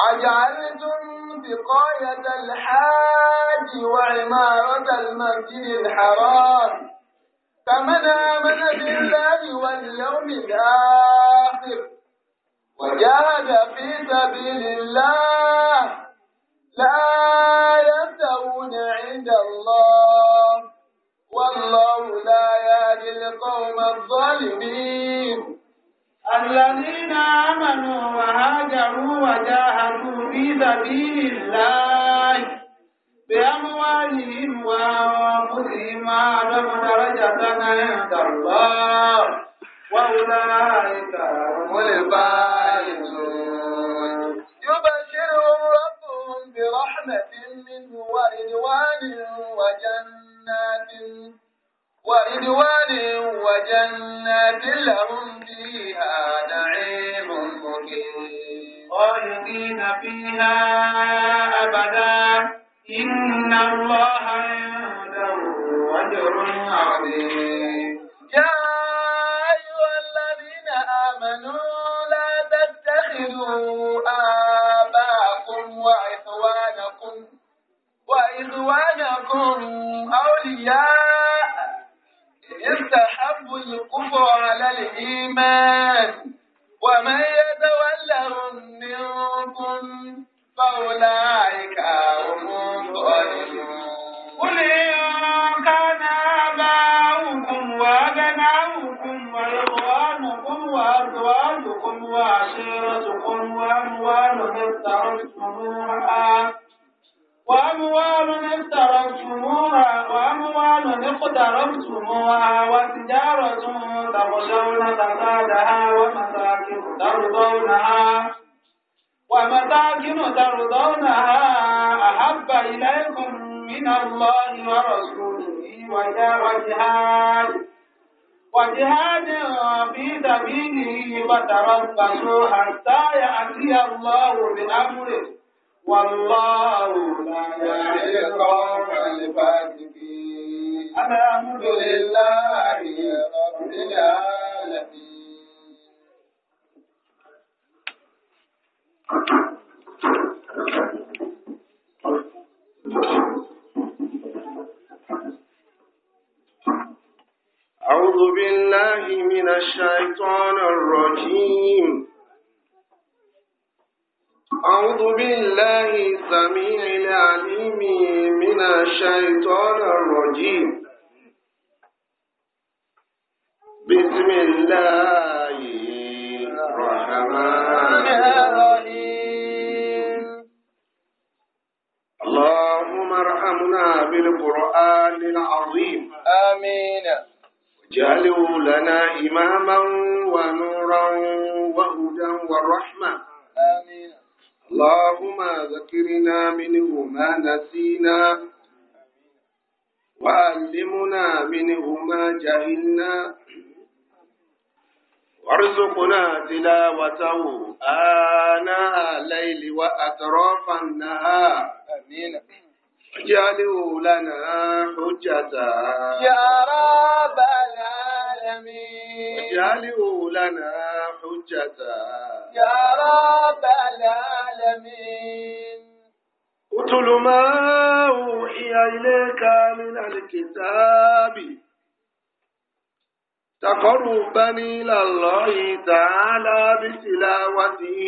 أجعلتم بقاية الحاج وعمارة المسجد الحرام فمن آمن بالله واليوم الآخر وجاهد في سبيل الله لا يستوون عند الله والله لا يهدي القوم الظالمين الذين آمنوا وهاجروا وجاهدوا في سبيل الله بأموالهم وأنفسهم أعظم درجة عند الله وأولئك هم الفائزون يبشرهم ربهم برحمة منه ورضوان وجنات ورضوان وجنات لهم فيها نعيم مقيم خالدين فيها أبدا إن الله عنده أجر عظيم يا أيها الذين آمنوا لا تتخذوا آباءكم وإخوانكم وإخوانكم أولياء يستحب الكفر على الإيمان ومن يتولهم منكم فأولئك هم الظالمون قل إن كان آباؤكم وأبناؤكم وإخوانكم وأزواجكم وعشيرتكم وأموال افترضتموها وأموال افترضتموها وأموال اقترفتموها وتجارة تخشون كسادها ومساكن ترضونها ومساكن ترضونها أحب إليكم من الله ورسوله وجهاد وجهاد في سبيله فتربصوا حتى يأتي الله بأمره والله لا يهدي القوم الفاسقين الحمد لله رب العالمين أعوذ بالله من الشيطان الرجيم أعوذ بالله السميع العليم من الشيطان الرجيم بسم الله الرحمن الرحيم اللهم ارحمنا بالقرآن العظيم آمين واجعله لنا إماما ونورا وهدى ورحمة آمين اللهم ذكرنا منه ما نسينا وعلمنا منه ما جهلنا وارزقنا تلاوته آناء الليل وأطراف النهار آمين واجعله لنا حجة يا رب العالمين واجعله لنا حجتا يا رب العالمين اتل ما أوحي إليك من الكتاب تقربا إلى الله تعالى بتلاوته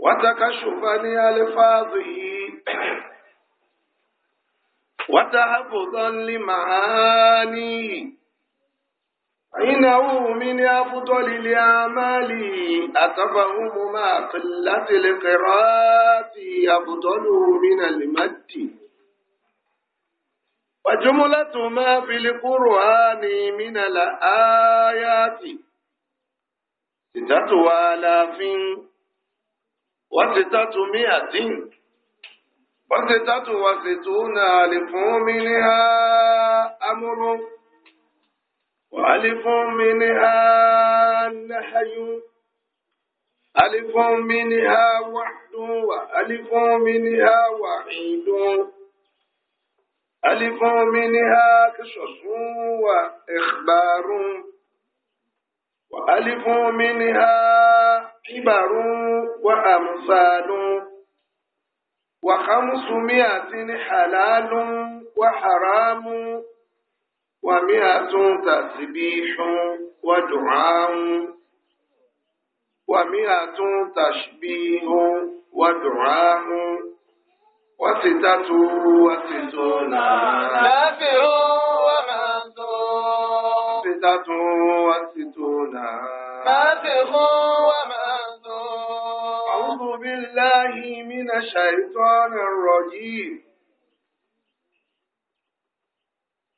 وتكشفا ألفاظه وتحفظا لمعانيه إنه من أفضل الأعمال أتفهم مع قلة القراءة أفضله من المد وجملة ما في القرآن من الآيات ستة آلاف وستة مئة وستة وستون ألف منها أمر وألف منها النحي ألف منها وحد وألف منها وعيد ألف منها قصص وإخبار وألف منها عبر وأمثال وخمسمائة حلال وحرام ومئة تسبيح ودعاء ومئة تشبيه ودعاء وستة وستون نافع ومنذور ستة وستون نافع ومنذور أعوذ بالله من الشيطان الرجيم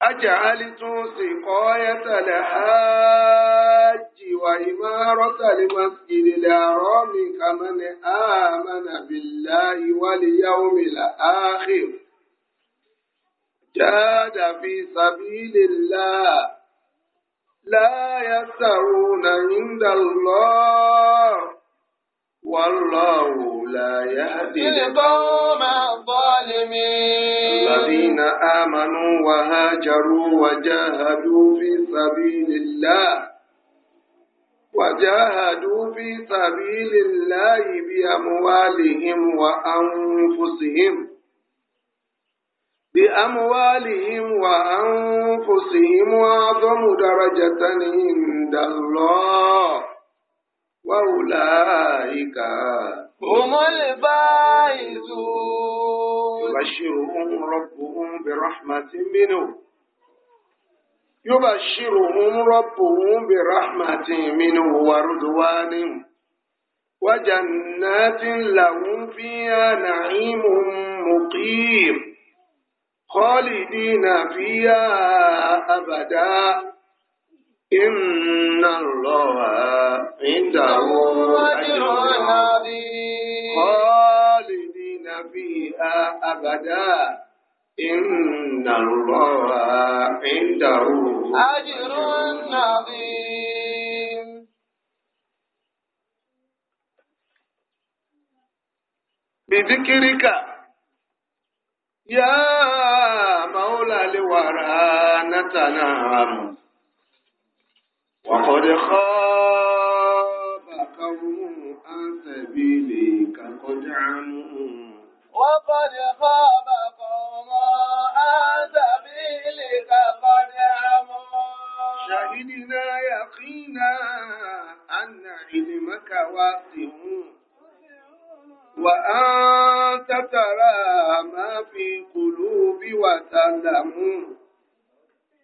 أجعلت سقاية الحاج وإمارة المسجد الحرام كمن آمن بالله واليوم الآخر جاد في سبيل الله لا يسترون عند الله والله لا يهدي القوم الظالمين الذين آمنوا وهاجروا وجاهدوا في سبيل الله وجاهدوا في سبيل الله بأموالهم وأنفسهم بأموالهم وأنفسهم أعظم درجة عند الله وأولئك هم الفائزون يبشرهم ربهم برحمة منه يبشرهم ربهم برحمة منه ورضوان وجنات لهم فيها نعيم مقيم خالدين فيها أبدا إن الله عنده أجر عظيم فيها أبدا إن الله عنده أجر عظيم بذكرك يا مولى لورى نتنام وقد خاب قوم عن سبيلك قد عموا وقد خاب قوم عن سبيلك قد عموا شهدنا يقينا أن علمك واسع وأنت ترى ما في قلوب وتعلم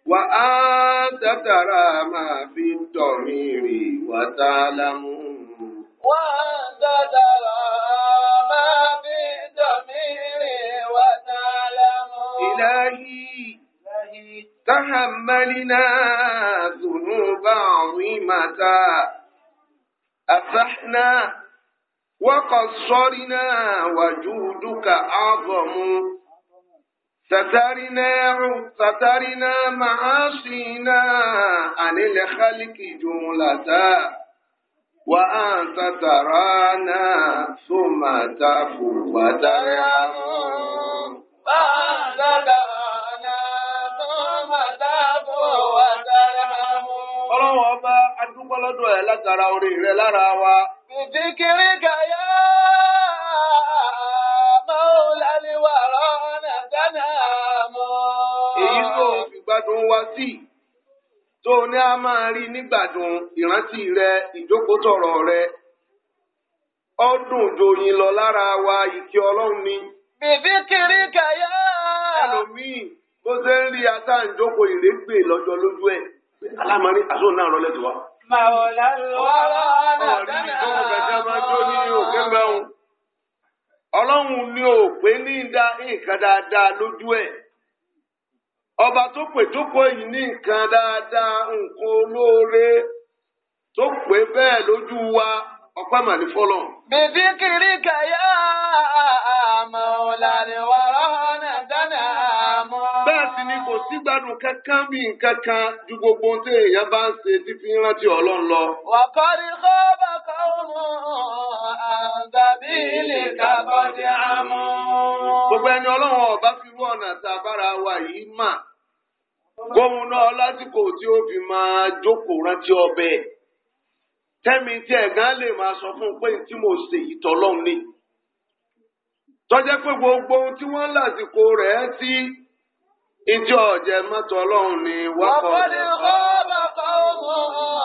وأنت ترى ما في الضمير وتعلم وأنت ترى إلهي تحملنا ذنوب عظيمة أفحنا وقصرنا وجودك أعظم سترنا سترنا معاصينا عن الخلق جملة وأنت ترانا ثم تفو وترى Ọlọ́run ọba adúgbò lọ́dọ̀ ẹ̀ látara orí rẹ̀ lára wa. Ìdíkiri gàyà Máúláníwà rọ́nà Gánà mọ́. Èyí tó o fi gbádùn wá sí tó o ní a máa rí nígbàdùn ìrántí rẹ ìjókòtọ̀rọ̀ rẹ. Ọdún jòyìn lọ lára wa ìkí Ọlọ́run ni. ìfikiri kẹyà. ẹlòmíì bó ṣe ń rí ata ìjókòó ìrégbè lọ́jọ́ lójú ẹ̀ alámarí náà rọlẹ̀ tó wa. màwòlá lọ́wọ́ náà dáná. ọ̀rí ìjókòó kẹjá máa jó òkè mẹ́rin. ọlọ́run ni ọba tó pè tó kọ èyí ní nǹkan dáadáa tó pè bẹ́ẹ̀ lójú wa. ọpẹ́ mà ní fọlọ. bìbí kiri kàyà mọ̀ọ́làní wàrà náà dáná mọ́. bẹ́ẹ̀ sì ni kò sí gbádùn kankan bí kankan ju gbogbo ohun tí èèyàn bá ń ṣe tí fi ń rántí ọlọ́run lọ. wàkọ́rí kọ́ bá kọ́ mọ́ àgbàbí lè kábọ́ ní àmọ́. gbogbo ẹni ọlọ́run ọba fi rú ọ̀nà tàbára wa yìí mà. gómìnà ọlásìkò tí ó fi máa jókòó rántí ọbẹ̀. kẹ́mi tí ẹ̀gán lè máa sọ fún un pé tí mo ṣe ìtọ́lọ́hún ni. tọ́jẹ́ pé gbogbo ohun tí wọ́n lásìkò rẹ̀ sí ìjọ ọ̀jẹ̀ mọ́tò ọlọ́run ni wákọ̀ ọ̀jẹ̀. mọ̀ ọ́n ọmọ mọ̀ á ọlọ́run ọba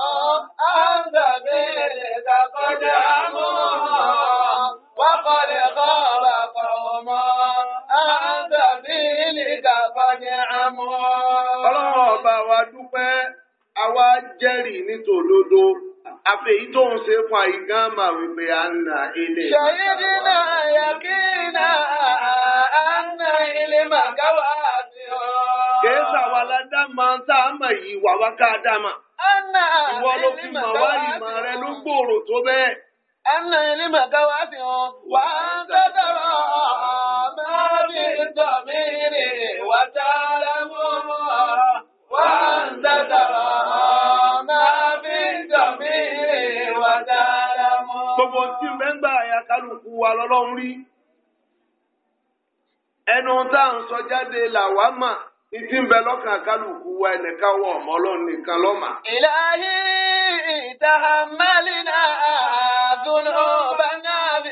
wa àfi èyí tó ń ṣe fún àyíká máa wípé à ń na ilé. ṣèyídì náà yàkí náà à ń na ilé màgáwá àti ọ. kèé sàwọn aládá máa ń tá yìí wà wá ká a dá mà. ìwọ ló fi mọ̀ wá ìmọ̀ rẹ ló gbòòrò tó bẹ́ẹ̀. à ń na ilé màgáwá àti ọ. wà á ń tẹ́tọ̀rọ̀ máa bí tọ̀mí rè wà tá a lámú. wà á ń tẹ́tọ̀rọ̀. gbogbo tí ń ń gbà ya kálukú wa lọ́lọ́run rí ẹnu tá à ń sọ jáde làwa mà ní tí ń lọ́kàn kálukú wa ẹnìkan wọ̀ ọmọ ọlọ́run nìkan lọ́mà. ìlàhí ìtàhámálínà àdúnú bánà bí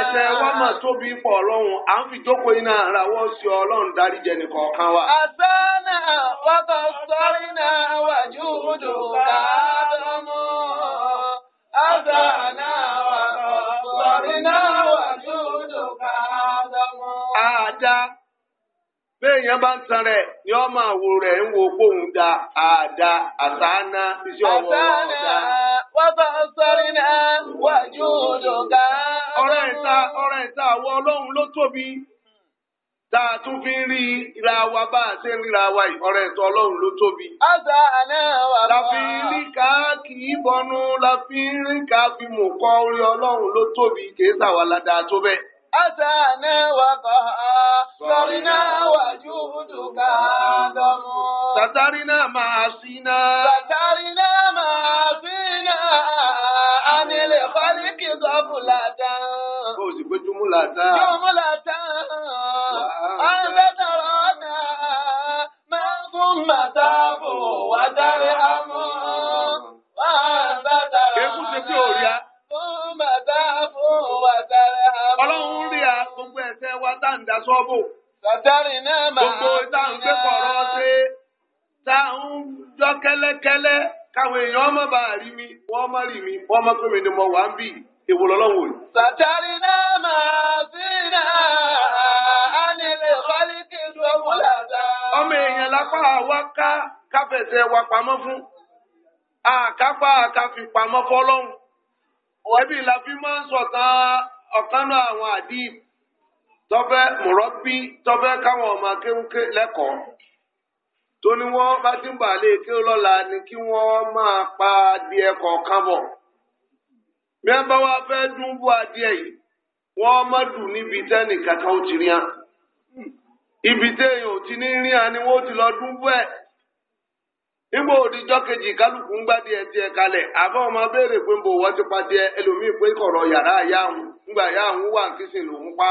ẹsẹ̀ wa mà tóbi pọ̀ ọlọ́run à ń fi jókòó ara sí ọlọ́run dárí jẹ nìkan wa. àsánà wàtò náà Ada, وأبصرنا bá ń tan rẹ ni ọ máa wo rẹ ń wo da àdá àtàánà iṣẹ́ ọwọ́ ọdá. àtàánà wà bá náà wájú ká. ọ̀rẹ́ ìta ọ̀rẹ́ ìta àwọ Ọlọ́run ló tóbi. tá a tún fi ń rí ra wa bá a ṣe ń ríra wa ọ̀rẹ́ ẹ̀tọ́ ọlọ́run ló tóbi. ọ̀sà àná wà wá. la fi rí ká kì í bọnu la fi rí ká fi mọ̀ kọ́ orí ọlọ́run ló tóbi kì í tó bẹ́ẹ̀. ọ̀sà àná wà kọ́ ha sọ̀rí náà wà ju dùkà dọ̀mú. sàtárì náà máa sí náà. sàtárì náà máa sí náà. أنذرنا ما ثم تابوا وترحموا Gbogbo ọmọ èèyàn lápá wa ká káfẹsẹ̀ wa pamọ́ fún àkápá káfi pamọ́ fọlọ́hún ẹbí la fi máa ń sọ̀tàn ọ̀kan náà àwọn àdìb tọ́fẹ́ mọ̀rọ́bí tọ́fẹ́ káwọn ọmọ akéwúké lẹ́kọ̀ọ́ tó bá ti ń bà lé kí ó ni kí máa pa adìẹ ibi tí èèyàn ò ti ní rí wọ́n ti lọ dúnbú ẹ̀ nígbà òdìjọ́ kejì kálukú ń gbádìí ẹ̀ tiẹ̀ kalẹ̀ àbá ọmọ béèrè pé nbò wọ́n ti pa tiẹ̀ ẹlòmíì pé kọ̀rọ̀ yàrá ìyá àwọn ngbà ìyá àwọn wà kìsìn lòún pa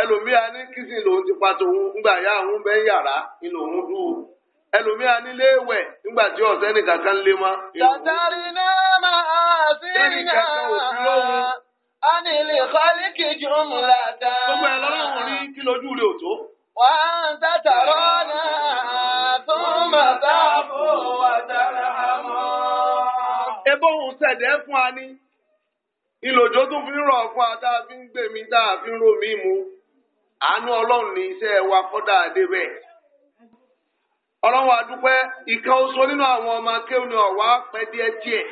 ẹlòmíì á ní kìsìn lòún ti pa tòun ìyá àwọn bẹ́ẹ̀ yàrá ni lòún dú ẹlòmíì á nígbà tí ọ̀sẹ́ lé mọ́. tàtàrí náà máa sí Wà ترانا ebe òun ṣẹ̀dẹ̀ fún wa ní ìlòjó fi ń fún a fi ń gbèmí tá a fi ń mu àánú ọlọ́run ní iṣẹ́ wa kọ́dà débẹ̀ ọlọ́run àdúpẹ́ ìkan nínú àwọn ọmọ ni ọ̀wá pẹ́ díẹ̀ díẹ̀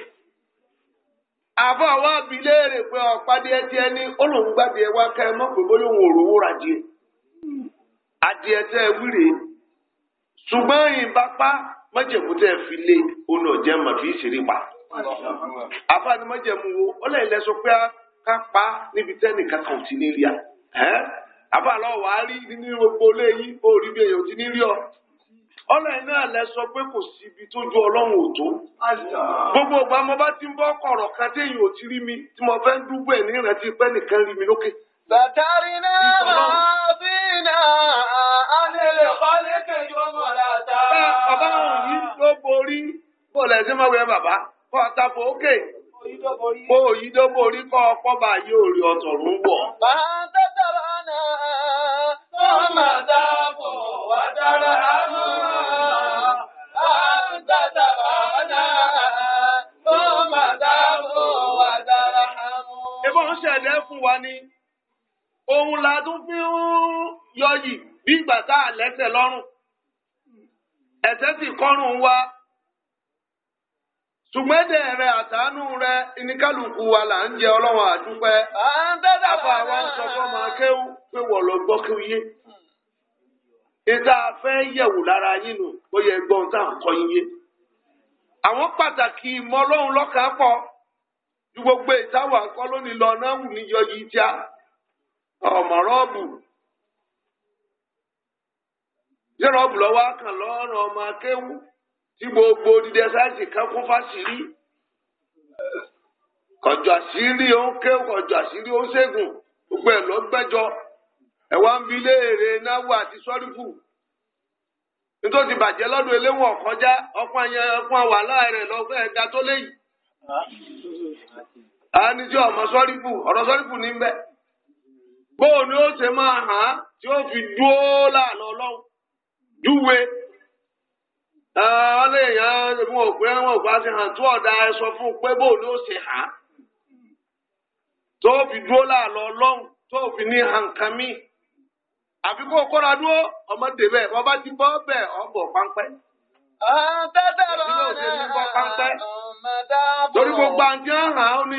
àbọ̀ àwọn ọ̀pá díẹ̀ díẹ̀ ní olóńgbàdìẹ wa kẹ́ ẹ adìẹ tẹ wíre ṣùgbọ́n ìbápá májẹ̀mú tẹ fi lé ọ̀nà ọ̀jẹ̀ mà fi ṣeré pa. àfààní májẹ̀mú wo ọlẹ́ ilẹ̀ sọ pé ká pa níbi tẹ́nì kankan ò ti ní rí a. àbálọ̀ wàá rí nínú gbogbo ilé ó rí bí èèyàn ti ní rí ọ ọlọ́run náà lẹ sọ pé kò tó ju ò gbogbo mo ti ń kan téèyàn ti rí mi tí mo ń dúgbò ní ìrántí mi lókè. فترنا راضينا عن الخلق جملة. bàbá òyì ló borí kó lè sí mọ̀wé bàbá kó tapò òkè kó òyì ló borí kó ọpọ́ bá yí òrì ọ̀tọ̀rún wọ̀. máa tẹ́tẹ̀rọ náà tó máa dáàbò wá dára àmọ́ máa tẹ́tẹ̀rọ náà tó máa dáàbò wá dára àmọ́. ebó ṣẹlẹ̀ fún wa ni. òun la tún fi ń yọyì bí ìgbà tá a lẹ́sẹ̀ lọ́rùn ẹ̀sẹ̀ sì kọ́rùn wa ṣùgbọ́n èdè rẹ àtàánú rẹ ìníkàlùkù wa là ń jẹ ọlọ́run àdúpẹ́ àbá wa ń sọ fún ọmọ akéwù pé wọ́n lọ gbọ́ kí yé ìta fẹ́ yẹ̀wò lára yín nù tá à ń kọ́ yé àwọn ọmọrọ ọbù yẹrọ ọbù lọ́wọ́ akàn lọ́rùn ọmọ akéwù tí gbogbo dídẹ sáàsì kan kó fásìrí kọjọ àṣírí ó kéwù kọjọ àṣírí ó ṣègùn gbogbo ẹ lọ gbẹjọ ẹwà ń bi léèrè náwó àti sọrífù nítorí bàjẹ́ lọ́dún eléwọ̀n kọjá lọ́gbẹ́ ẹ̀dá tó a ní tí ọmọ bóò ni ó ṣe máa hàn án tí ó fi dúó láàlọ́ ọlọ́run júwe ti hàn tó ọ̀dà sọ fún un pé bóò ni ó ṣe tó fi dúó láàlọ́ ọlọ́run tó fi ní hàn kan àfi kó kóra ọmọdé bẹ́ẹ̀ bọ́ bá ti bọ́ bẹ́ẹ̀ ọ̀bọ̀ ọ̀mọdé àbúrò. torí gbogbo àjẹ́ hàn án ní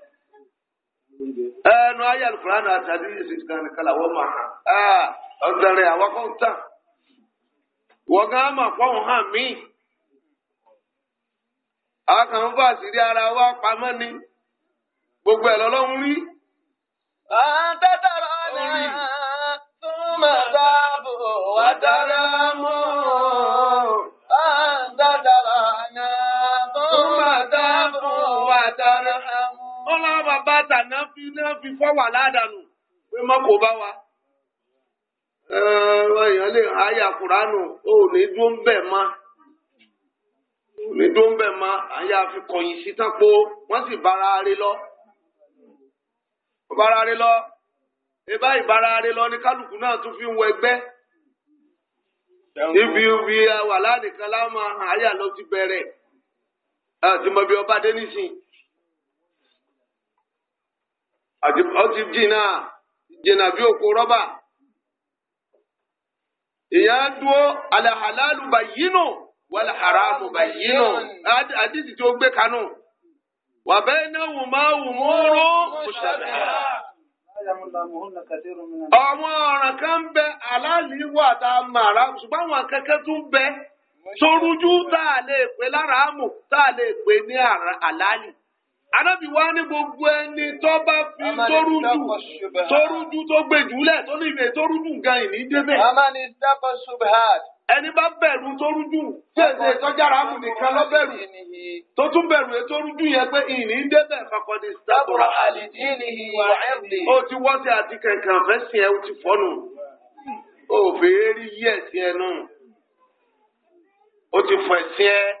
ẹnu ayé alukuraani àtàdé ìsìnkú kan nìkan làwọn máa hàn ọ̀dọ̀rẹ̀ kan tàn wọ́n gan máa fọ́ wọn hàn mí. ara wa pamọ́ ni gbogbo ẹ̀ lọ́lọ́run rí. àtẹ̀tẹ̀rọ̀ náà bàtà náà fi náà fi fọ́ wà ládàánù pé má kò bá wa. èèyàn lè háyà kùránù ó ní dúró ń bẹ̀ mọ́ ó ní dúró ń bẹ̀ mọ́ àyà fi kọ̀yìn sí tápó wọ́n sì bára rí lọ. bára rí lọ ìbá ìbára rí lọ ní kálukú náà tún fi ń wọ ẹgbẹ́ ibi ibi wà lánìkan láwọn àyà lọ ti bẹ̀rẹ̀ àti mọ̀bí ọba dé nísìnyí. ọtí jìnnà jìnnà bí òkú rọ́bà ìyẹn dúró alahalalu ala wàlá haramu bayinu àdìsí tí ó gbé kanú wà bẹ́ẹ̀ náà wù má wù múrú àwọn ọ̀ràn kan bẹ aláàlì wà ṣùgbọ́n àwọn akẹ́kẹ́ tún bẹ torújú tá a lè pè lára Anábì wá ní gbogbo ẹni tó bá fi torújú torújú tó gbé jùlẹ̀ tó ní ìwé torújú gan ìní débẹ̀. Amani Sapa Subhad. Ẹni bá bẹ̀rù torújú fèsì ìtọ́jára mú nìkan lọ bẹ̀rù. Tó tún bẹ̀rù torújú yẹn pé ìní débẹ̀ fakọ̀dé sábúra àlìdí nìyí wà ẹ̀mí. Ó ti wọ́sí àti kẹ̀kẹ́ àfẹ́sìn ẹ̀ ti fọ́nù. Ó fèé rí yí ẹ̀sìn ẹ̀ náà. Ó ti fọ ẹ̀sìn ẹ̀.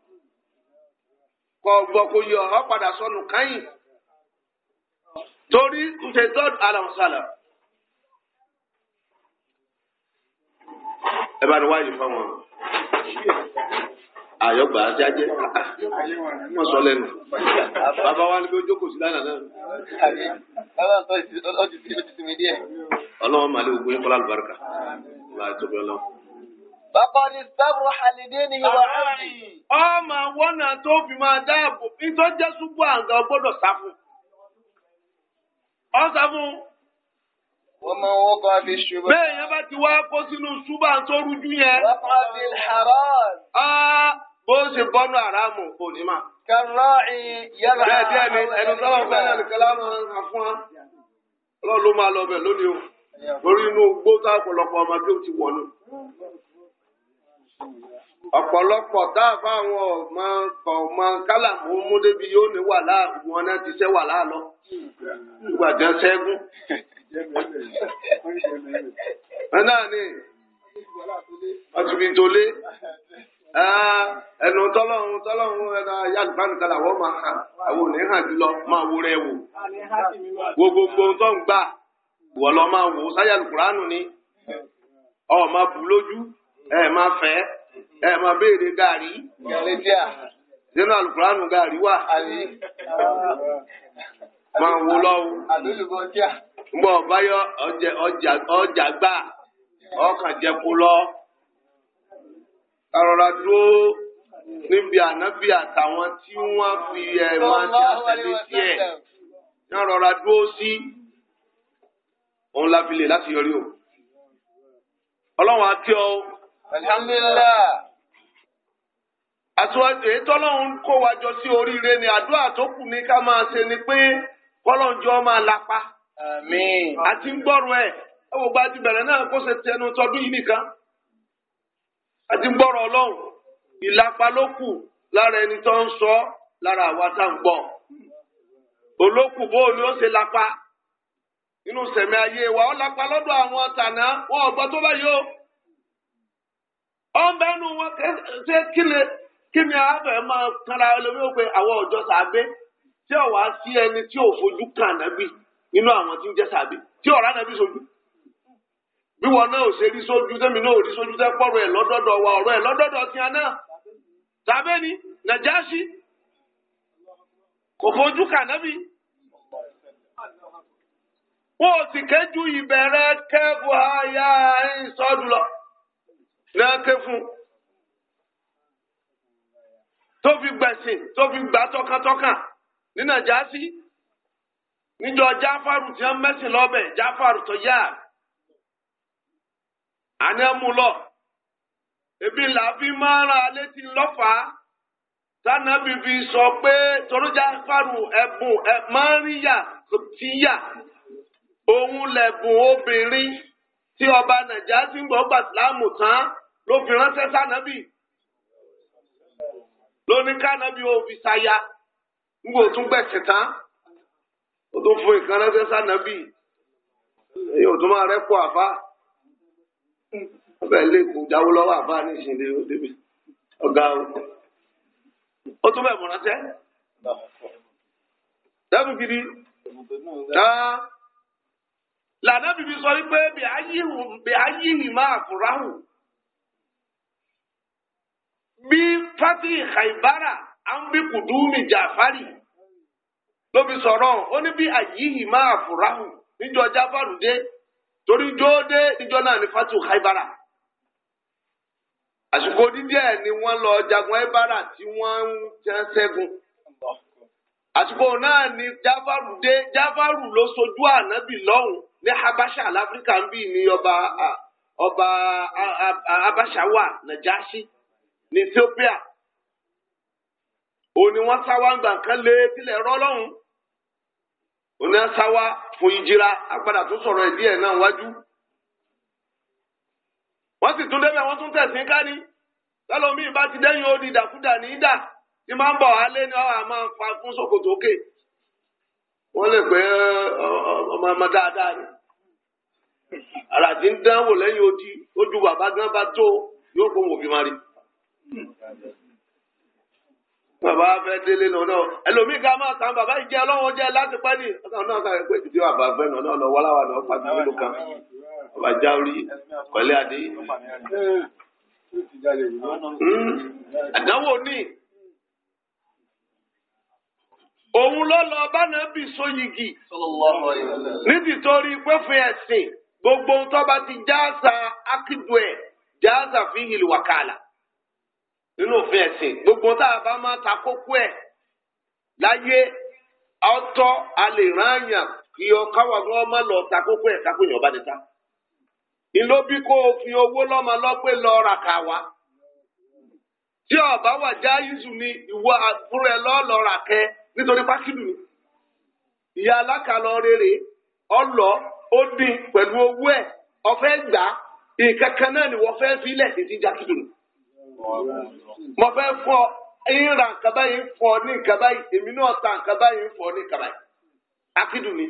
kọ gbọ́ kó yọ ọ padà sọnù káyìn torí ṣe god alamusala. ẹ bá ní wáyé fáwọn àyọgbà àti ajẹ wọn sọ lẹ́nu bàbá wa ni bí ó jókòó sí lánàá náà. bàbá sọ ọ ti sinmi díẹ̀. ọlọ́wọ́n màálé ògùn yín kọ́lá àlùbáríkà. bàbá tó bí ọlọ́wọ́. Bàbáni sábúrò àlèdé ni ìwà àrùn. Ọmọ wọ́nà tó fi máa dáàbò nítorí ó jẹ́ súpọ̀ àǹgá gbọ́dọ̀ sá fún. Ọ sá fún. Wọ́n máa wọ́n kọ́ fi ṣubú. Bẹ́ẹ̀ yẹn bá ti wá kó sínú ṣubú àǹtó rújú yẹn. Wọ́n máa fi haram. Bó ṣe bọ́nú àràmù kò ní mà. inú gbó ọ̀pọ̀lọpọ̀ ọmọdé ti wọ̀nù ọ̀pọ̀lọpọ̀ tá a fa àwọn ọmọ ọmọ kálàmù múdébi yóò ní wà láàrú wọn náà ti sẹ́ wà láàlọ́ ìgbàjọ́ sẹ́gun. wọn náà ní ọtúbìntòlé ẹnu tọ́lọ́run tọ́lọ́run ẹ̀ka yálùbánikàlà wọ́n máa hàn àwọn òní hàn sí lọ máa wo rẹ wò wo gbogbo tó ń gbà wọ̀ lọ máa wò sáyàlùkùránù ni ọ̀ máa bù lójú. ẹ máa fẹ́ ẹ máa béèrè gàrí. nínú alukuraanu gàrí wà. máa wo lọ́wọ́. mbọ báyọ̀ ọjà gbà ọkàn jẹ kó lọ. dúró níbi ànábì àtàwọn tí wọ́n fi ẹ̀ máa ní àtẹ̀lé sí ẹ̀ ní dúró sí alhamdulillah àtúwájú èyí tọ́lọ́run kó wa jọ sí oríire ni àdúrà tó kù ní ká máa ṣe ni pé kọ́lọ́njọ́ máa lapa àti ń gbọ́rọ̀ ẹ̀ ẹ wò gba ti bẹ̀rẹ̀ náà kó ṣe tẹnu tọdún yìí nìkan àti ń gbọ́rọ̀ ọlọ́run ìlapa ló kù lára ẹni tó ń sọ lára àwa tá ń gbọ́ olókù ni ó ṣe lapa nínú sẹ̀mí ayé wa ó lapa lọ́dọ̀ àwọn tànà wọn ò gbọ́ tó báyìí o. ọ̀nbẹ nu wọn ṣe kí kíni abẹ máa kanra ẹlẹmi pé àwọn ọjọ́ sàbẹ tí ó wá sí ẹni tí ò fojú kan nàbí nínú àwọn tí ń jẹ sàbẹ tí ọ̀rá nàbí sojú bí wọn náà ṣe rí sójú tẹmí náà rí wa náà sàbẹ ni kò fojú nàbí wọn ò sì kẹjú kẹfù ayá ẹ náà ké fún tó fi gbẹ̀sìn tó fi gbà tọkàntọkàn ní nàjàásí níjọ jáfàrù tí wọn mẹsìn lọbẹ jáfàrù tó yá àní ẹmu lọ ebi làbí máa ra létí lọfàá tánàbí fi sọ pé torí jáfàrù ẹbùn ẹ máa ń rí yà tí yà òun lẹ̀bùn obìnrin tí ọba nàìjíríà gbọ́ gbà tán ló fi ránṣẹ́ sànàbì lóní kànàbì ó fi ṣaya ngbò tún gbẹ̀sẹ̀ tán ó tún fún ìkan ránṣẹ́ sànàbì èyí tún máa rẹ́pọ̀ àbá ọbẹ̀ lè kó jáwó lọ́wọ́ àbá ọ̀gá o ó min fati haibara an bi kudumi jafari ló fi sọ̀rọ̀ ó ní bí àyíhì máa furahu níjọ jafaru dé torí jóde níjọ náà ní fatu haibara àsìkò dídíẹ̀ ni wọ́n lọ jagun haibara tí wọ́n ń jẹ́ ṣẹ́gun àsìkò náà ni jafaru dé jafaru ló ni habasha láfíríkà ń bì ní ọba ọba abashawa najashi. ní Ethiopia òní wọn sáwá gbà kan lé tilẹ̀ rọ́ lọ́hùn òní wọ́n sáwá fún ìjìra agbada tó sọ̀rọ̀ ìdí ẹ̀ náà wájú wọ́n sì tún débẹ̀ wọ́n tún tẹ̀sìn kárí lọ́lọ́mí ìbá ti dẹ́yìn ó di ìdàkúdà ní ìdà tí máa ń bọ̀ wá lé ní ọ̀rọ̀ àmọ́ fa fún ṣòkòtò òkè wọ́n lè pé ọmọ ọmọ dáadáa ni àràdí ń dánwò lẹ́yìn odi ó ju bàbá gan bá tó yóò gbóhùn òbí máa rí i. bàbá fẹ́ délé nù náà ẹlòmíì ká máa tàn bàbá ìjẹ ọlọ́run jẹ láti pẹ́ ní ọ̀sán náà ká pé ìdí bàbá fẹ́ nù náà lọ wọ́láwà náà pàdé nílùú kan bàbá já orí pẹ̀lẹ́ adé. Hmm? àdánwò ní òun ló lọ bánàbì sóyigi nítorí pẹ́fẹ́ ẹ̀sìn gbogbo ohun tó bá ti jáàsà ákìdù ẹ̀ jáàsà fi hìlì wàkàlà. nínú òfin ẹ̀sìn gbogbo tá a bá máa ta kókó ẹ̀ láyé ọtọ a rán àyàn kí ọ ma máa lọ ta kókó ẹ̀ kápò èèyàn bá ní ta. ìlú bí kò fi owó lọ́mọ lọ ra kà tí ọba wà já ni ìwọ àbúrò ẹ lọ nítorí pákìlù ìyá rere ó dín owó gbà nǹkan kan náà ni fi mo fẹ fọ ọ ẹ̀yin fọ ní èmi náà ta fọ ní ni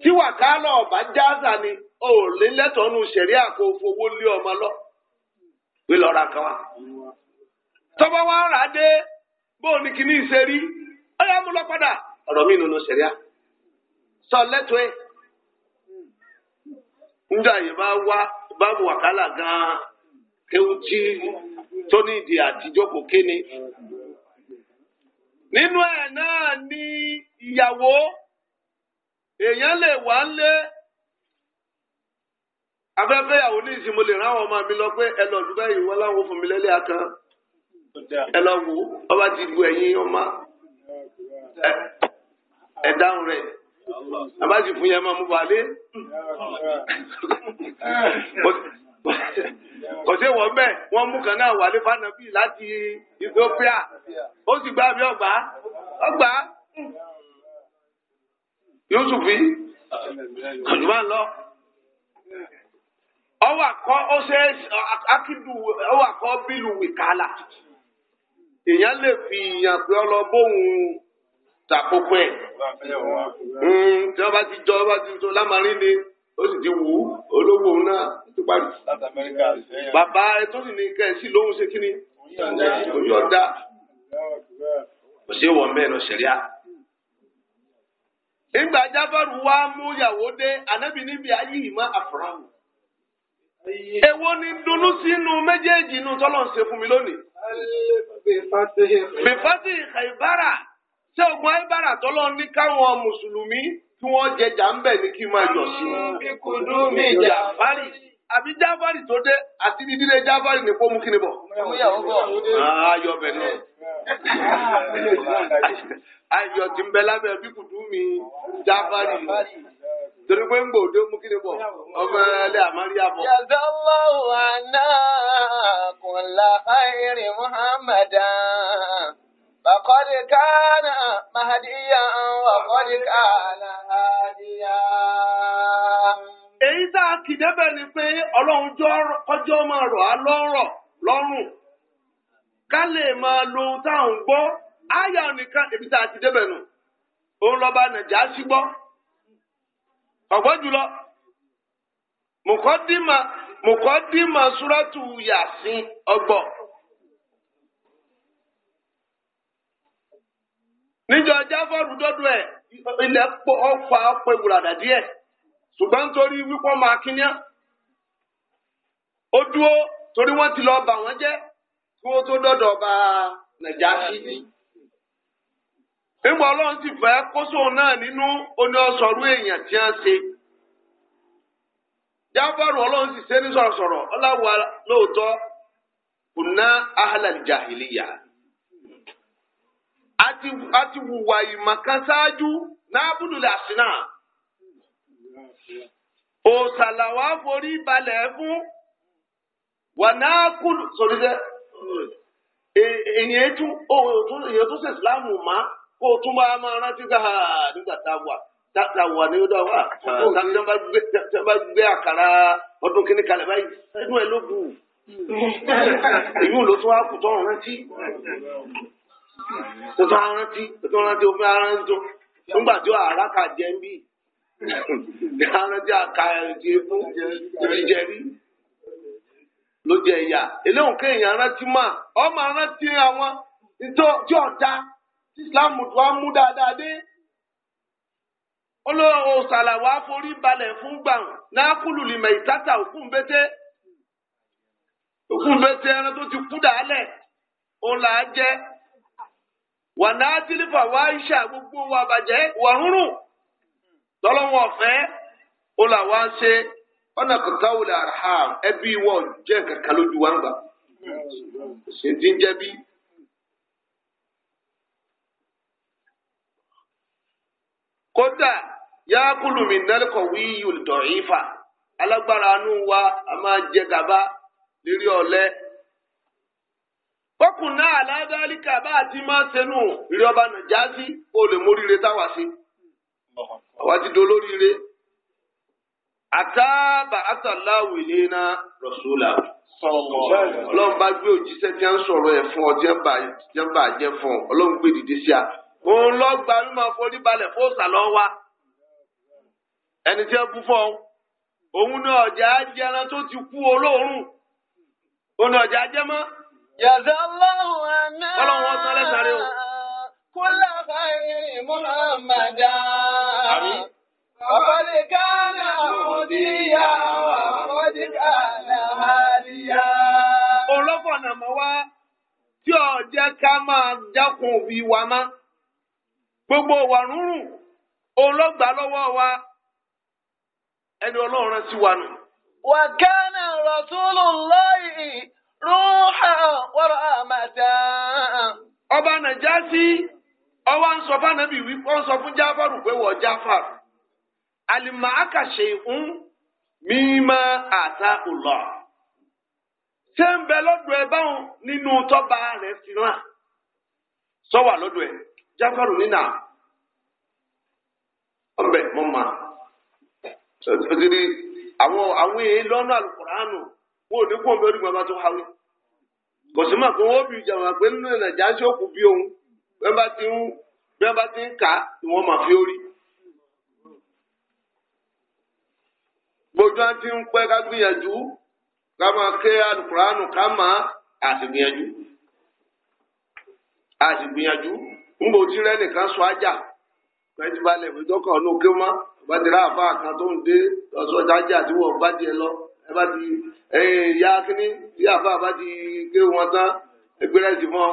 tí wàkálà ọba jáàsà ni o lè lẹ́tọ̀ọ́nù sẹ̀rí àpò fowó lé ọmọ lọ lọ́ra wa. tọ́ba wa rà dé ní rí ó yà mú lọ padà ọ̀rọ̀ mi nínú sẹ̀rí à sọ ẹ̀ yìí bá wá bá wàkálà gan-an. ewu tí tó ní ìdí àtijókòó kéne. nínú ẹ̀ náà ni ìyàwó èèyàn lè wà ń lé afẹ́fẹ́ ìyàwó ní ìsìn mo lè rán àwọn ọmọ mi lọ pé ẹ lọ dúpẹ́ ìwọ láwọn fún mi lẹ́lẹ́ àkàn ẹ lọ wò ọba ti bu ẹ̀yìn ọmọ ẹ dáhùn rẹ̀ abájú fún yẹn máa mú balẹ̀ kò sí wọn bẹ́ẹ̀ wọ́n mú kan náà wálé fanabi láti Ethiopia ó sì gbá mi ọgbà ọgbà Yusufi àjùmọ̀ lọ ọwọ́ àkọ́ ó ṣe akídu ọwọ́ àkọ́ bílù wìkálà èèyàn lè fi ìyàn pé ọlọ́bóhùn tàkókò ẹ̀ hmm, tí wọ́n bá ti jọ wọ́n bá ti tó lámarin ni ó sì ti wù ú olówó náà tó parí. bàbá tó sì ní kẹ́sì lóhùn ṣe kí ni òyìn ọ̀dà kò sí wọn bẹ́ẹ̀ lọ sẹ̀ríà. ìgbà jábọ̀rù wa mú ìyàwó dé ànábì níbi ayé ìmọ̀ àfọ̀ràwọ̀. èwo ni dunú sínú méjèèjì inú tọ́lọ̀ ń ṣe fún mi lónìí. bìfásì ìkàìbára ṣé ogun àìbára tọ́lọ̀ ní káwọn mùsùlùmí tí wọ́n jẹjà ń bẹ̀ ní kí n máa yọ̀ sí. kíkùdú mi jà fárì àbí jáfárì tó dé àti ibi ilé jáfárì ní kó kí ni bọ̀. Ah, ayọ̀ bẹ̀ náà ayọ̀ tí ń bẹ lábẹ́ bíkùtù mi jáfárì torí pé ń gbòdó mú kí ni bọ̀ ọmọ ẹlẹ́ àmáríyá bọ̀. yàtọ̀wọ́ wà náà kò la ayiri muhammadan bàkọ́dé kánà mahadiyan wàkọ́dé kánà hadiyan. èyí tá a kì débẹ̀ ni pé ọlọ́run kọjọ́ máa rọ̀ á lọ́rọ̀ lọ́rùn ká lè máa lo ohun tá à ń gbọ́ áyà nìkan èmi tá a ti débẹ̀ nù òun lọ́ba nàìjà sí gbọ́ ọ̀gbọ́n jùlọ mùkọ́dìmà mùkọ́dìmà súrátù yàsín ọgbọ̀n. níjọ jáfọ́rù dọ́dún ẹ̀ ilẹ̀ ọ̀pọ̀ ọ̀pọ̀ ewúrà dà díẹ̀. ṣùgbọ́n nítorí wípọ́ máa kínyán ó dúró torí wọ́n ti lọ bà wọ́n jẹ́ kí wọ́n tó dọ́dọ̀ bá Nàjáṣì. Ìgbà ọlọ́run ti fẹ́ kóso náà nínú oní ọ̀sọ̀rú èèyàn tí wọ́n ṣe. Jáfàrù ọlọ́run sì ṣe ní sọ̀rọ̀sọ̀rọ̀ lóòótọ́ A ti wùwà òsàlà wa forí balẹ̀ fún wànákùlù sórí dẹ́ èyàn tún èyàn tún ṣe ìsìláàmù má kó o tún bá máa rántí ká nígbà tá a wà tá a wà ní ọdọ wa tá a bá gbé àkàrà ọdún kìíní kalẹ̀ báyìí inú ẹ ló bù èyí ò ló tún wá rántí tó tún rántí tó omi arántó nígbà tí ó àràkà jẹ́ ń bì ìhánàjẹ àkàyà ìdí ebú ìdíjẹrí ló jẹ ìyà eléwọn kéèyàn rántí mà ọmọ rántí àwọn tí ọ̀dà tí islam tó wá mú dáadáa dé olóòwò sàlàwà forí balẹ̀ fún gbàùn náà kúlù lìmẹ̀ ìtàtà òkú bété òkú bété ẹran tó ti kú dàálẹ̀ òun là á jẹ wà náà tìlífà wá iṣẹ́ gbogbo wa bàjẹ́ wà rúrùn. tọ́lọ́wọ́ ọ̀fẹ́ ó là wá ṣe ọ̀nà kankan wò lè arham ẹbí wọ̀ jẹ́ kankan lójú wa ń gbà ṣèdí mi nẹ́lẹ̀kọ̀ wíyù dọ̀ífà alágbára anú a máa jẹ gàba lérí ọ̀lẹ. àwa ti do lóríire àtàbà àtàláwò ìlera rọ̀ṣọ́là ọlọ́run bá gbé òjíṣẹ́ tí a ń sọ̀rọ̀ ẹ̀ fún ọ tí a ń bà jẹ́ fún ọ ọlọ́run gbé dìde sí a òun lọ gba mímọ forí balẹ̀ fóòsà lọ wa ẹni tí a bú fún ọ òun ní ọjà ajẹran tó ti kú olóòórùn òun ní ọjà ajẹmọ́. yàtọ̀ ọlọ́run àná ọlọ́run ọ̀sán lẹ́sàrẹ́ o. kúlẹ̀ fàáyé muhammadu. ari. Kabali kana mudiya wa kodi kana hariya. Olofo na ma wa ti o ka ma jakun obi wa ma. Gbogbo wa rúrù olọ́gbà lọ́wọ́ wa ẹni ọlọ́run ti wa nù. Wà kánà rọ̀túlù lọ́yì rúhà wọ́rọ̀ àmàtà. Ọba Nàìjíríà sí. ọwa nsọ sọ na wípé ń sọ fún jáfàrù pé wọ́n jáfàrù àlìmọ́ àkàṣe ń mímọ́ àtà ebe ahụ ń bẹ lọ́dọ̀ ẹ báwọn nínú tọ́ba rẹ̀ fi lọ́dọ̀ ẹ jáfàrù nínà àwọn àwọn èèyàn wọn ò ní kó ọmọ bẹ gbọmọ tó bẹ́ẹ̀ bá ti ń bẹ́ẹ̀ bá ti ń kà á ni wọ́n máa fi ó rí. gbogbo àti ń pẹ́ ká gbìyànjú ká máa ké alukuraanu ká máa àti gbìyànjú àti gbìyànjú ńgbò tí rẹ́nìkan sọ ajá pẹ́ẹ́tì balẹ̀ ìwé ọ̀nà òkè mọ́ ìbádìrá àfa kan tó ń dé lọ́sọ̀ jájà àti wọ́n bá tiẹ̀ lọ ẹ bá ti ya kínní bí àfa bá ti gé wọn tán ẹgbẹ́rẹ́ ti mọ́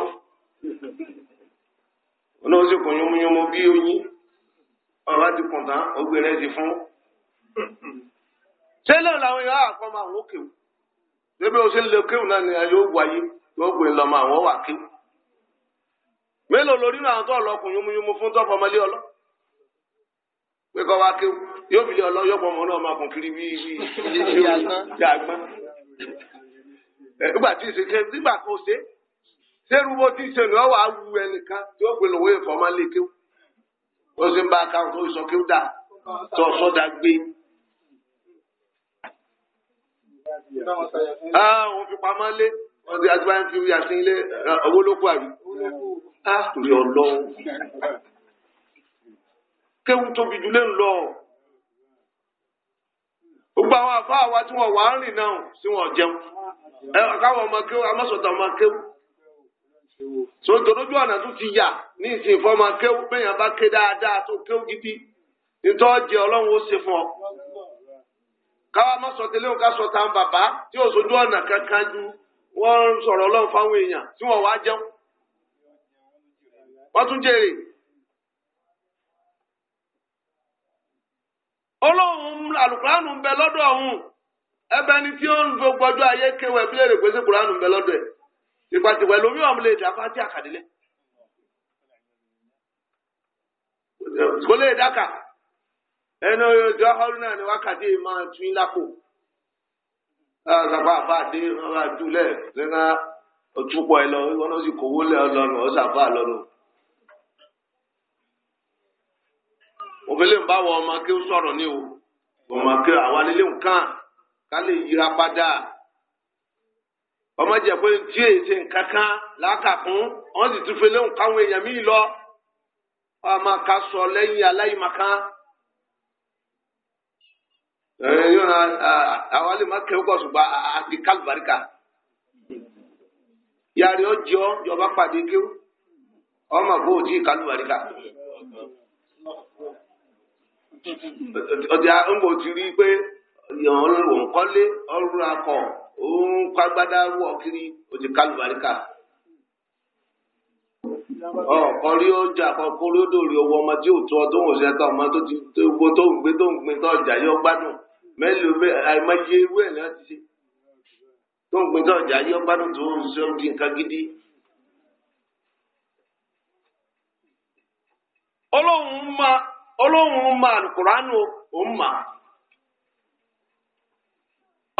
olóhùn sì kún yánmúyánmú bí oyin ọ̀rọ̀ ti kùn tán ògbé rẹ̀ ti fún. ṣé lóun làwọn èèyàn àpọ̀ máa wọ́n kéwù débi o ṣe ń lo kéwù náà ni ayé ó wáyé yóò gbé lọ́mọ àwọn wà kéwù. mélòó lórí náà tó ọlọ́kùn yánmúyánmú fún tó fọmọlé ọlọ́ pé kọ́ wá kéwù yóò fi lé ọlọ́ yóò pọ̀ ọmọ náà máa kùn kiri bí bí bí àgbọn. ìgbà tí ì sẹ́rù bó ti ṣẹlẹ̀ ọ̀wà awu ẹnìkan tí ó gbé lọ́wọ́ ìfọ̀ máa lé kéwù ó sì ń bá akáwọn tó tó sọ́dà gbé. òun fi pamọ́ lé wọ́n ti àti báyìí fi wíyà sí ilé owó ló kú àbí. á torí ọlọ́run kéwù tóbi jù ń lọ gbogbo àwọn àbá àwa tí wọn wà á rìn náà sí wọn jẹun ẹ káwọn ọmọ kéwù amọ̀sọ̀tàn ọmọ kéwù so tòlójú ọ̀nà tó ti yà ní ìsìn fọ́ọ̀mà kéwù bẹ́yàn bá ké dáadáa tó kéwù gidi nítọ́ jẹ ọlọ́run ó ṣe fún ọ. káwa má sọ tẹ́lẹ̀ òun ká sọ tá à ń bàbá tí ò sójú ọ̀nà kankan ju wọ́n ń sọ̀rọ̀ ọlọ́run fáwọn èèyàn tí wọ́n wá jẹun. wọ́n tún jèrè. ọlọ́run àlùkùránù ń bẹ lọ́dọ̀ ọ̀hún ẹbẹ ni tí ó ń gbọ́jọ́ ayé kéwù ẹbí lè rè pé sí ìpàtìwẹ̀ lómi ọ̀hún lè dá fájí àkàdélé kò lè dáka ẹnu ìjọ ọ̀hún náà ni wákàtí máa tún lápò àgbà àbáàdé ọba àdúlẹ̀ lẹ́nà ọ̀túnpọ̀ ẹ̀ lọ wọn sì kówó lẹ̀ lọ́nu ọ̀sán àbá lọ́nu. òfìlẹ̀ ń bá wọ ọmọ kí ó sọ̀rọ̀ ní o ọmọ kí àwa lélẹ̀ ń kàn ká lè yíra padà. ọmọ jẹ pé tí èsè nkankan làákàkún wọn sì tún fẹlẹ nkáwọn èèyàn míì lọ ọmọ ká sọ lẹ́yìn aláìmọ̀kan yóò na àwọn ṣùgbọ́n àti kálùbáríkà yàrá yọba pàdé ọmọ kálùbáríkà ń bọ̀ ti rí i pé kọ́lé ọ̀rùn akọ̀. òun kọ agbádá wọ kiri o ti kálù baríkà oúnjẹ ọmọ tí ò ọdún òṣèlú ẹ̀ka ọmọ tó tó ń tó ń gbin ọjà yọ gbádùn mẹ́lòó àìmọye ti ṣe tó ń gbin tó ọjà di nǹkan gidi. ọlọ́run mma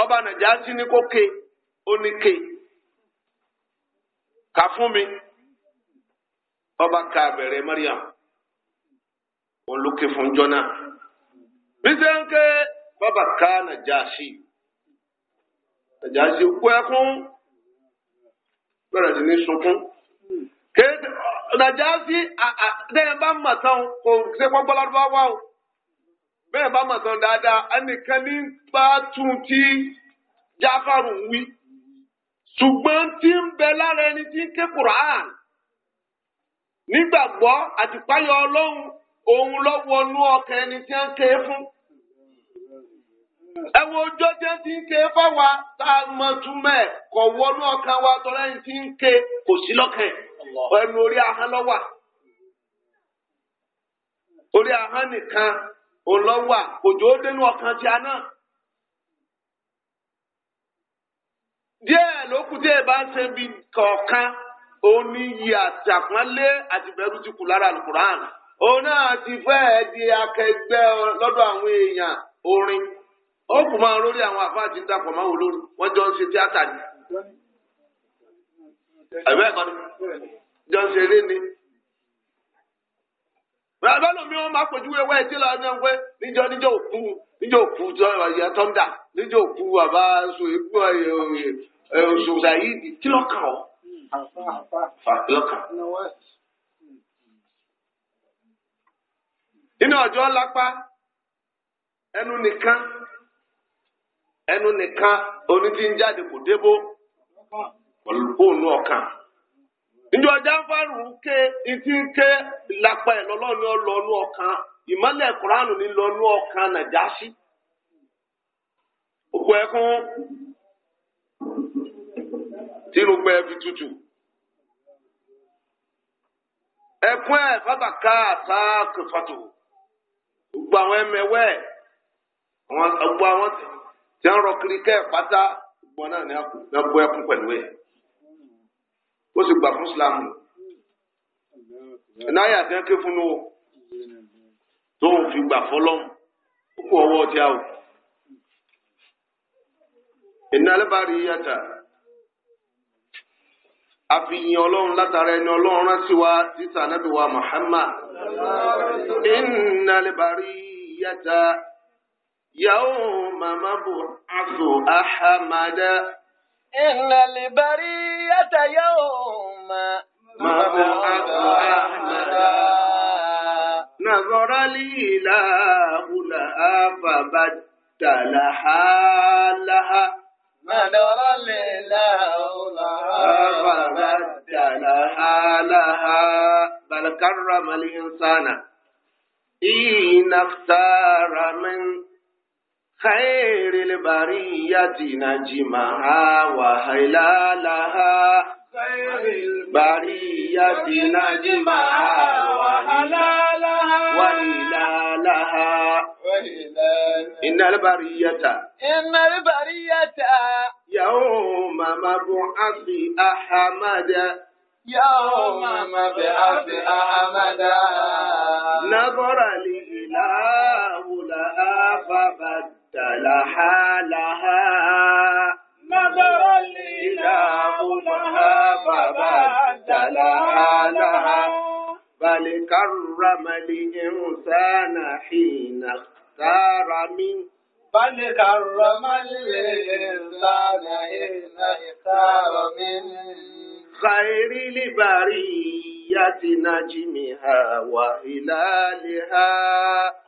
ọba nàjàsí ní kó ke oníke kà fún mi ọba ka abẹrẹ mariam wọn ló ké fún jọna bísí ń ké bàbá ká nàjàsí nàjàsí kú ẹkún bẹ̀rẹ̀ sí ní sunkún kéde nàjàsí dẹ́yìn bá mọ̀ tán kò ṣe kó gbọ́dọ̀ bá wà o. bẹ́ẹ̀ bá mọ̀ tán dáadáa ẹnìkan ní bá tún tí jáfàrù wí ṣùgbọ́n tí ń bẹ lára ẹni tí ń ké Qur'an nígbàgbọ́ àtìpáyọ ọlọ́run òun wọnú ọkàn ẹni tí ń ké fún ọjọ́ a mọ túmọ̀ ẹ̀ wa tọ́lá ẹni tí ń ké kò sí lọ́kàn ẹnu orí òlọ́wà òjò ó dénú ọkàn tí a náà. díẹ̀ ló kù díẹ̀ bá ṣe bí kọ̀ọ̀kan òun ní àtàpọ́nlé àti ti kù lára alukuran. òun náà ti fẹ́ẹ̀ di akẹgbẹ́ lọ́dọ̀ àwọn èèyàn orin. ó kù máa lórí àwọn àfáà ń máa wò lórí bẹ́lómi wọn máa pèjú ewé ẹtí lọ ní ẹgbẹ́ níjọ níjọ òkú níjọ òkú tó ẹ̀yẹ tọ́ndà níjọ òkú bàbá oṣù egbò oṣù ṣàyídì kí ló kàn ọ́ lọ́kàn. nínú ọjọ́ lápá ẹnu nìkan ẹnu nìkan oní ń jáde kò débó pẹ̀lú fóònù ọ̀kan njọ jáfàrù ké ìtì ké lápá ẹ lọlọ́ọ̀ni ọlọ́ọ̀nù ọ̀kan ìmọ̀lẹ̀ kuránù ni lọ́ọ̀nù ọ̀kan nàjàṣí. òkú ẹkún tìrùpẹ́ fi tutù. ẹkún ẹ fàbàkà àtàkì fàtò gbogbo àwọn ẹmẹwẹ gbogbo àwọn tí wọn rọ kiri kẹ pátá gbogbo náà ni a bọ ẹkún pẹ̀lú ẹ ó sì gbà fún islam lò náírà tí wọn ké fún lówó tó ń fi gbà fọlọ́n ó kú ọwọ́ ọtí àwọ̀ ìnáwó alábàárí yàtà àfihàn ọlọ́run látara ẹni ọlọ́run rántí wa títà nábì wa Muhammad innal bariyata yawma mab'athu ahamada. إن البرية يوم ما بعد أحمد نظر لي لها فبدل حالها نظر لي له لها فبدل حالها بل كرم الإنسان إن اختار من خير البرية نجمها وهلالها خير البرية نجمها وهلالها وهلالها إن البرية إن البرية يوم مبعث أحمد يوم مبعث أحمد نظر الإله لها فبدا لها لها نظر الإله لها فبات لها لها بل كرم الإنسان حين اختار من بل كرم الإنسان حين اختار من خير لبرية نجمها وهلالها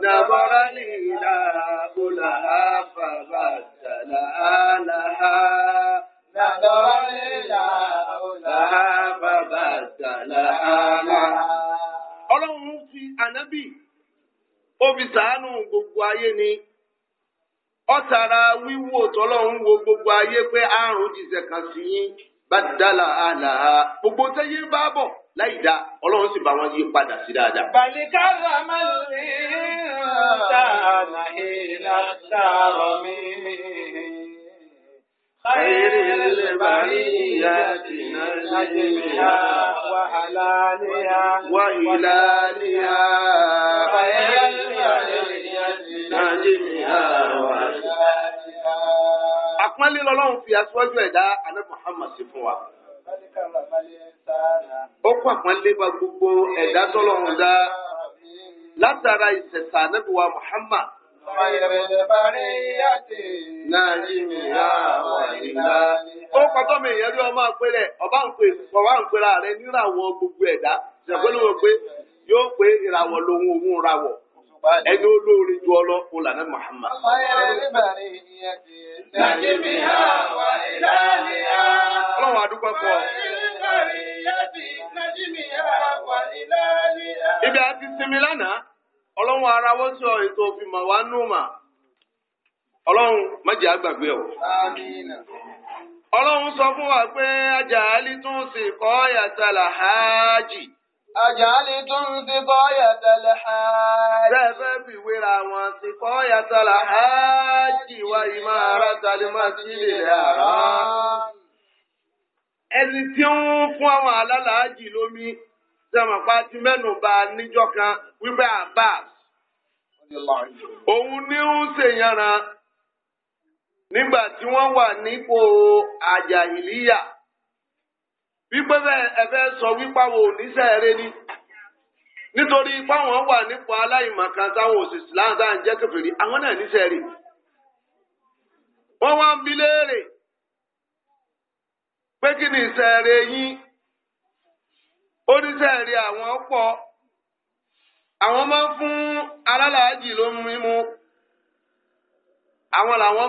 نظر الإله لها فبدل لها نظر الإله لها فبدل لها ọlọ́run fi ànábì ó fi sàánù gbogbo ayé ni ọ̀tara wíwò tọ́lọ́run wo gbogbo ayé pé àrùn jìṣẹ́ kan sí yín bá dàlà àlà gbogbo sẹ́yìn bá bọ̀ láì dá ọlọ́run sì bá wọn yí padà sí dáadáa. bàlíkà rama lè ta nàìjíríà sàrọ̀ mi. خير البرية نجمها وحلالها وهلالها خير البرية نجمها وحلالها. àpọ́nlé lọ́lọ́run fi aṣíwájú ẹ̀dá àná Muhammad sí fún wa ó kọ́ àpọ́nlé bá gbogbo ẹ̀dá tọ́lọ́run dá látara ìṣẹ̀ṣà ànábì wa Muhammad. Ó kọ́tọ́ mi ìyẹn bí ọmọ àpẹẹrẹ ọba ń pera rẹ níràwọ̀ gbogbo ẹ̀dá ṣẹ̀gbọ́n ló wọ pé yóò pé ìràwọ̀ lòun òun ràwọ̀. ẹni olóore ju ọlọ ọlà náà Muhammad. ọlọ́run àdúgbò fún ọ. ibi àti sinmi lánàá ọlọ́run ara sọ ètò òfin mà wá nù mà ọlọ́run má àgbàgbé ọ. ọlọ́run sọ fún wa pé kọ́ yàtàlá أجعلتم سقاية الحاج سبب ولا وسقاية الحاج وإمارة المسجد الحرام ẹni tí ó ń fún àwọn alálàájì lómi sẹmọpá ti mẹ́nu bà níjọ́ kan wípé Abbas òun ni ó ń ṣèyànra nígbà tí wọ́n wà nípò àjàhìlíyà. wípé ẹ̀fẹ́ sọ wípé àwọn oníṣẹ́ ni nítorí fáwọn wà nípò aláìmọ̀kan táwọn òṣìṣẹ́ láǹtà ń jẹ́ kẹfìrí àwọn náà níṣẹ́ rẹ wọ́n wá ń bi léèrè pé kí ni iṣẹ́ rẹ yín oníṣẹ́ rẹ àwọn pọ̀ àwọn máa ń fún alálàájì ló mímú àwọn làwọn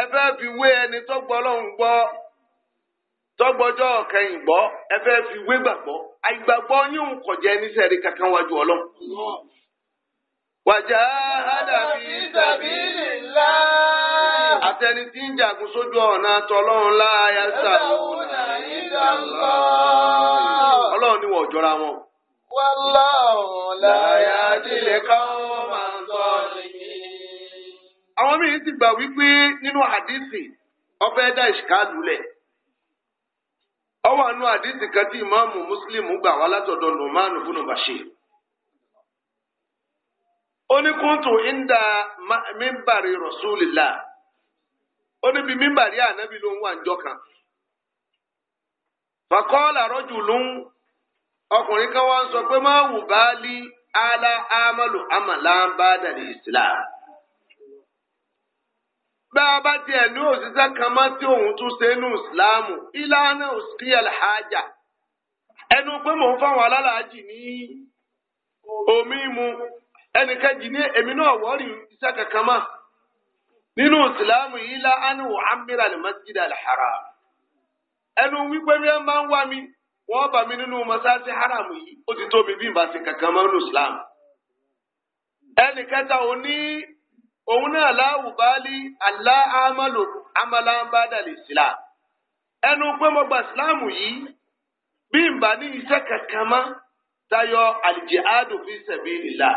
ẹ fẹ́ fi wé ẹni tó gbọ́ ọlọ́run gbọ́ tọgbọjọ kẹyìn gbọ́ ẹ fẹ́ fi wé gbàgbọ́ àìgbàgbọ́ yín ń kọjá ẹni sẹẹrí kankan wájú ọlọ́run. wàjà hádàbí sabilillah. àtẹni tí ń jagun sójú ọ̀nà tọlọ́run láàyà sáà. ọlọ́run ni wọ́n jọra wọn. wàlláhùn láyà tilẹ̀ káwọn. àwọn míì ti gbà wípé nínú àdìsí ọfẹ́ dá ìṣìkáàlù lẹ̀ ọwọ́ àánú àdìsí kan tí ìmáàmù mùsùlùmù gbà wá látọ̀dọ̀ nùmánù bùnú bashir ìndà mímbàrí rọ̀ṣúlìlá ó ní mímbàrí ànábì ló ń wà kan ń ọkùnrin amalu Amala bá dàrí bá a bá tiẹ̀ ní òṣìṣẹ́ kan mọ́ tí òun tún ṣe ìsìláàmù ìlànà òsì alhaja ẹnu pé mò ń fáwọn alálàájì ní omi mu ẹnìkejì ní èmi náà wọ́ọ̀rì iṣẹ́ kankan mọ́ nínú ìsìláàmù yìí lá ánú masjid alharam ẹnu wípé máa ń wá mi wọ́n bá mi nínú haram yìí ó ti tóbi bí ìbáṣe kankan mọ́ nínú òun náà láwùbálí àlá àmàlò Amala sílá ẹnu pé mo gba ìsìláàmù yìí bí n bá ní iṣẹ́ kankan mọ́ tayọ fi sabilillah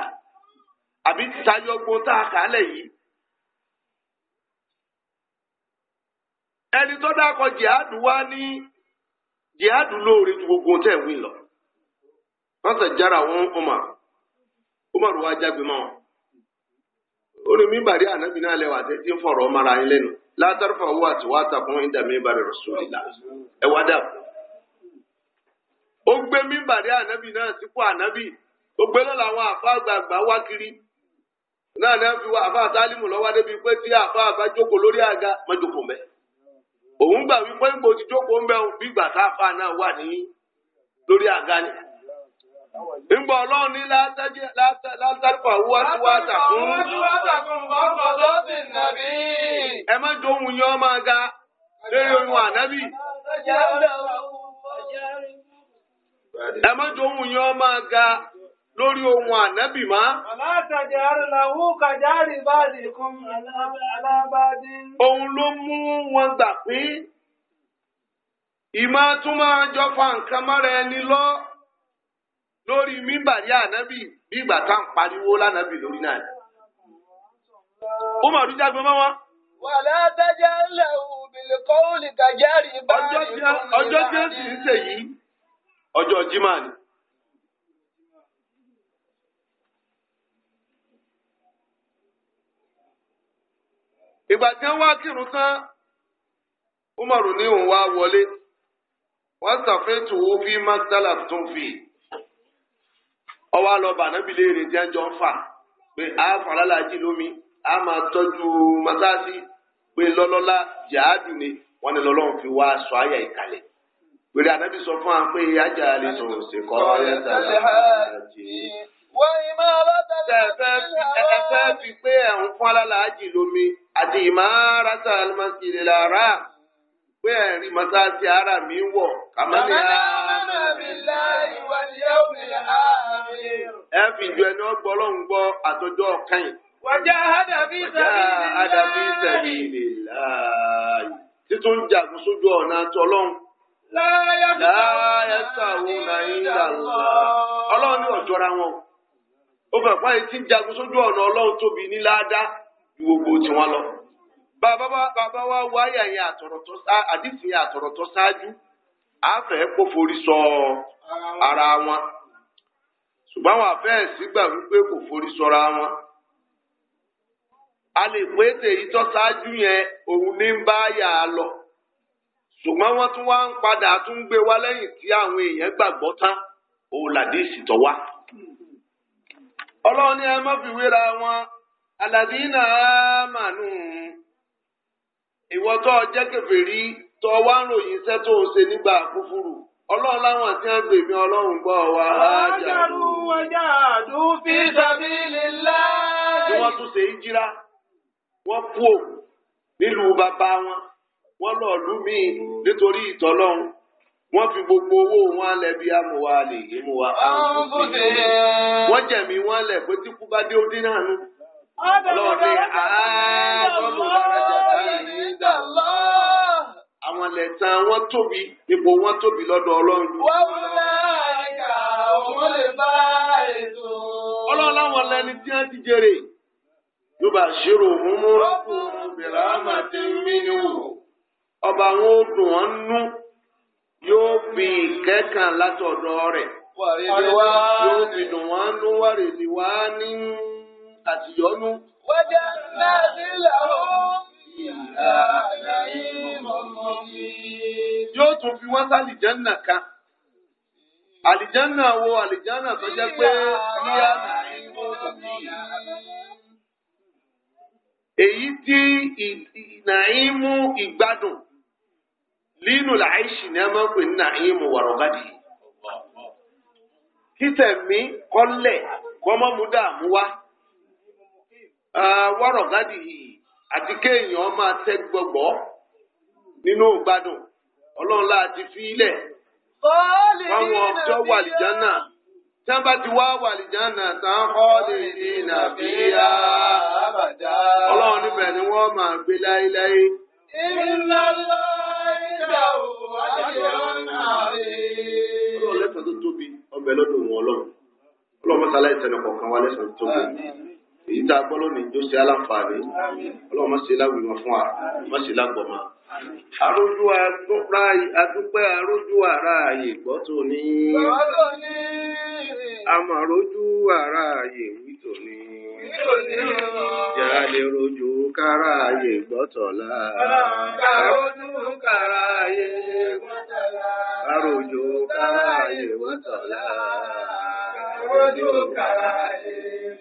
àbí tayọ gbọ́n tá a kà á lẹ̀ jihadu wá ní jihadu lóore ju gbogbo tẹ̀ wí lọ. wọ́n sọ jára wọn Umar orími ìbàdí ànábì náà lẹ́wà na tí ń fọ̀rọ̀ ọmọ ara yín lẹ́nu látàrífà owó àti wá àtàkùn ìdàmì ìbàdí rasulillah ẹ wá dà. ó gbé mímbàdí anabi náà sípò ànábì ó gbé lọ́la àwọn àfa àgbààgbà wá kiri náà náà fi wá àfa àtàlímù lọ́wọ́ débi pé tí àfa àbá jókòó lórí àga òun gbà wípé ipò ti jókòó mbẹ́ bí ìgbà àfa náà Ngbọ̀ ọlọ́run ní látàríkọ̀ àwúwá tí wá Ẹ má ohun yẹn ma ga lórí ohun anabi. Ẹ má ohun yẹn ma ga lórí ohun ànábì Òun ló mú wọn gbà pín. Ìmọ̀ máa nǹkan mọ́ra lọ. lórí mímbàrí ànábì bí ìgbà tá à ń pariwo lánàbì lórí náà ni. ó mà rújà gbọmọ wọn. wàlá tájà ńlẹ̀ òbílẹ̀ kọ́ọ̀lì kàjárì bá rí ọjọ́ tí ó sì ń ṣe yìí ọjọ́ jimá ni. ìgbà tí wọ́n wá kírun tán Umaru ní òun wá wọlé wọ́n ṣàfihàn tó fi máa dálà tó fi ọwọ́ àlọ́ba ànábì léèrè tí wọ́n jọ fà pé a fà lálàájì lómi a máa tọ́jú masáàsì pé lọ́lọ́lá jihadu ni wọ́n ní lọ́lọ́run fi wá aṣọ àyà ìkàlẹ̀ pèrè ànábì sọ fún wa pé ajá lè sọ òsè kọ́ ẹ̀fẹ́ fi pé ẹ̀hún fún alálàájì lómi àti ìmọ̀ ara sáà lọ́mọ́sí pé ẹ̀rí ti ara mi wọ̀ kàmáni ẹ fi ju ẹni ọgbọ́ ọlọ́run gbọ́ àtọjọ́ kẹ́yìn. wàjà àdàbí sẹ́yìn láàyè títún jagun sójú ọ̀nà àti ọlọ́run. láyà sàwọn nàìjíríà lọ. ọlọ́run ní ọ̀jọ́ra wọn. ó fẹ́ fún àyè tí ń jagun sójú ọ̀nà ọlọ́run tóbi ní lọ. bàbá wa wá yàyà àtọ̀rọ̀ tó àdìsí àtọ̀rọ̀ tó ṣáájú àfẹ́ kóforí sọ ara wọn ṣùgbọ́n àwọn àfẹ́ẹ̀sì gbà wípé kò forí sọra wọn a lè pé tèyí tó ṣáájú yẹn òun ní ń bá yà á lọ ṣùgbọ́n wọ́n tún wá ń padà tún gbé wá lẹ́yìn tí àwọn èèyàn gbàgbọ́ tán òun làdíìsì tó wá. ọlọ́run ni ẹ má fi wéra wọn aládìí náà mànú ìwọ tó jẹ́ kèfèrí tó wá ń ròyìn iṣẹ́ tó ṣe nígbà kúfúrú ọlọ́run láwọn àti àgbè mi ọlọ́run gbọ́ wa. ajalu ajadu fi sabilillah. tí wọ́n tún ṣe ìjírá wọ́n kú ò nílùú bàbá wọn wọ́n lọ lú mi nítorí ìtọ́lọ́run wọ́n fi gbogbo owó wọn lẹ̀ bí amòwà lè yé mu wa. wọ́n jẹ̀mí wọn lẹ̀ pé tí kú bá dé ó dín náà nù ọlọ́ọ̀ni àádọ́lù dáradára ní ah, ah, ìdàlọ́. Àwọn lẹ̀tàn wọn tóbi, ipò wọn tóbi lọ́dọ̀ Ọlọ́run. Wọ́n mú láyìíká, òun lè bá ètò. Ọlọ́run láwọn lẹni tí wọ́n ti jèrè. Yóò bá ṣírò òun mú. Ọkùnrin bẹ̀rẹ̀ àmàdé mi ni wò. Ọba àwọn odùn wọn nú yóò fi ìkẹ́kàn látọ̀dọ̀ rẹ̀. Wàrẹ̀ ni wá. Yóò fi dùn wọn nú wàrẹ̀ ni wá ní àtìyọ́nú. Wájà náà nílẹ̀ ó. Yóò tún fi wọ́n sá àlìjánà kan. Àlìjánà wo àlìjánà tó jẹ́ pé níyà èyí tí nàímú ìgbádùn nínú làáìsì ni a máa ń pè ní nàímú wàrọ̀gádì kí tẹ̀mí kọ́lẹ̀ kọ́mọ́mú dààmú wá. wọ́rọ̀ gádì yìí àti kéèyàn máa tẹ́ gbọ́gbọ́ nínú ìgbádùn ọlọ́run láti fi ilẹ̀ fáwọn ọjọ́ wàlìjánà tí wọ́n bá ti wá wàlìjánà tán ni wọ́n máa gbé láéláé. ìlànà ọlọ́run lẹ́sàn-án tó tóbi ọbẹ̀ wọn ọlọ́run ọlọ́run lẹ́sàn èyí tá a gbọ́ lónìí tó ṣe aláǹfààní ọlọ́run má ṣe láwùjọ fún wa má ṣe lágbọ̀mọ́. àrójú adúpẹ́ àrójú ara ààyè gbọ́ tó ní. àmọ̀ àrójú ara ààyè wí tó ní. Yàrá lè rojú kára ààyè gbọ́tọ̀lá. Àrójú kára ààyè gbọ́tọ̀lá. Àrójú kára ààyè gbọ́tọ̀lá. Àrójú kára ààyè.